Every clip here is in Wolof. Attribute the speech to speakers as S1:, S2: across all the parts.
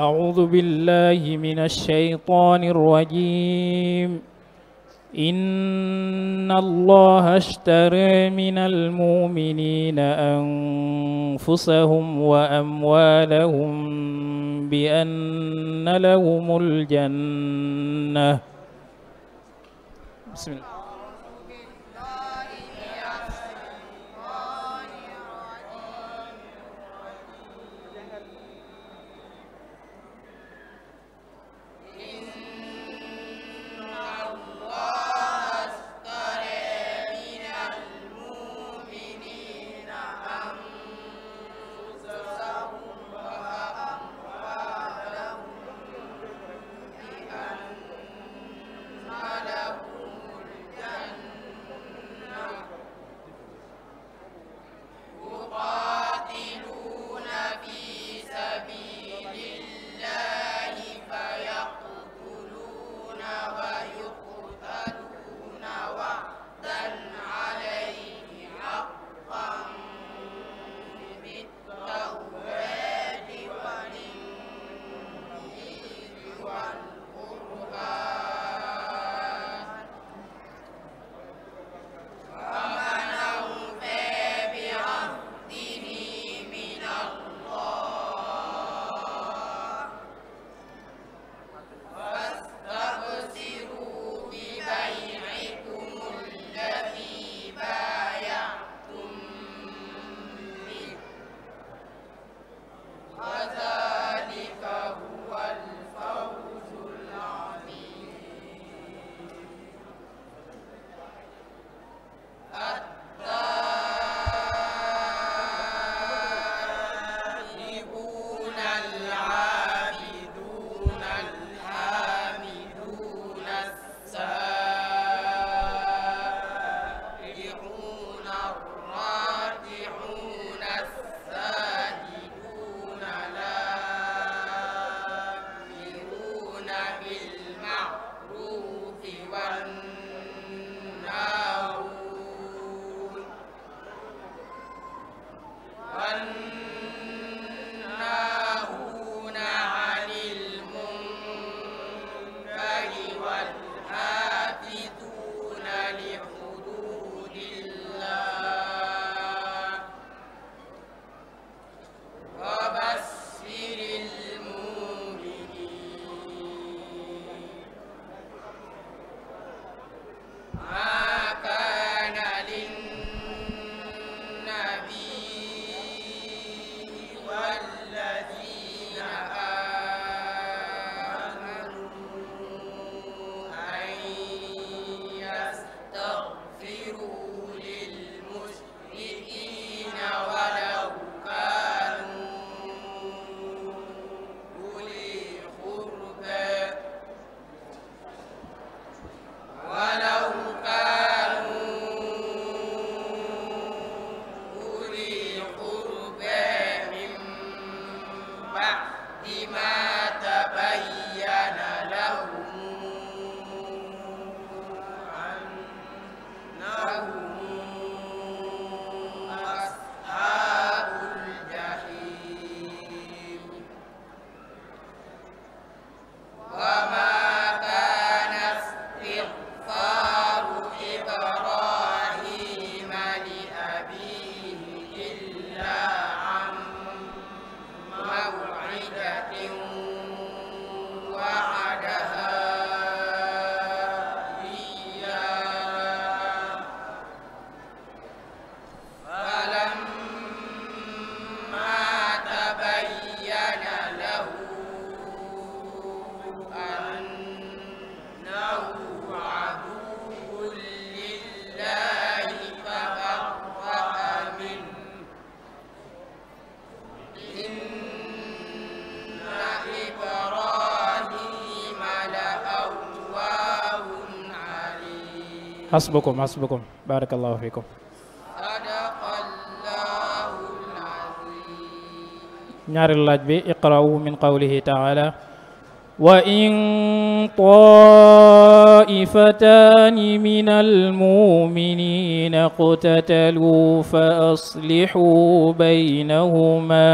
S1: أعوذ بالله من الشيطان الرجيم إن الله اشترى من المؤمنين أنفسهم وأموالهم بأن لهم الجنة بسم الله one hasbukum hasbukum barakallahu fikum ñaari laaj bi iqra'u min qawlihi ta'ala wa in taifataani min almuminina qtatalu fa aslixuu baynahuma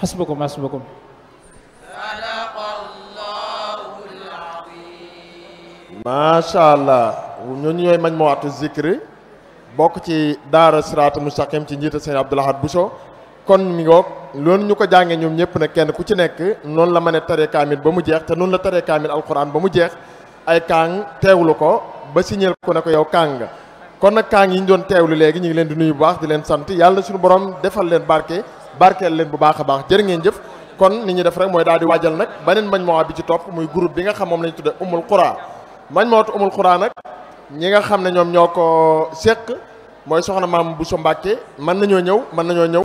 S1: xasbukum xasbukum macha allah ñooñu ñooy mañ moo atu zikri bokk ci daara siraatu mustaqim ci njiita sëñ Abdou bu so kon mi ngoog loolu ñu ko jàngee ñoom ñëpp nag kenn ku ci nekk noonu la mën a taree kaamil ba mu jeex te noonu la taree al alquran ba mu jeex ay kaang teewlu ko ba signal ko ne ko yow kaang nga kon nag kaang yi ñu doon teewlu léegi ñu ngi leen di nuyu baax di leen sant yàlla suñu borom defal leen barke barkeel leen bu baax a baax jërë ngeen jëf kon ni ñuy def rek mooy daal di waajal nag beneen mañ moo bi ci topp muy groupe bi nga xam moom lañ tudde umul xuraa mañ moo umul xuraa nag ñi nga xam ne ñoom ñoo ko seq mooy soxna maam bu so Mbàkke mën nañoo ñëw mën nañoo ñëw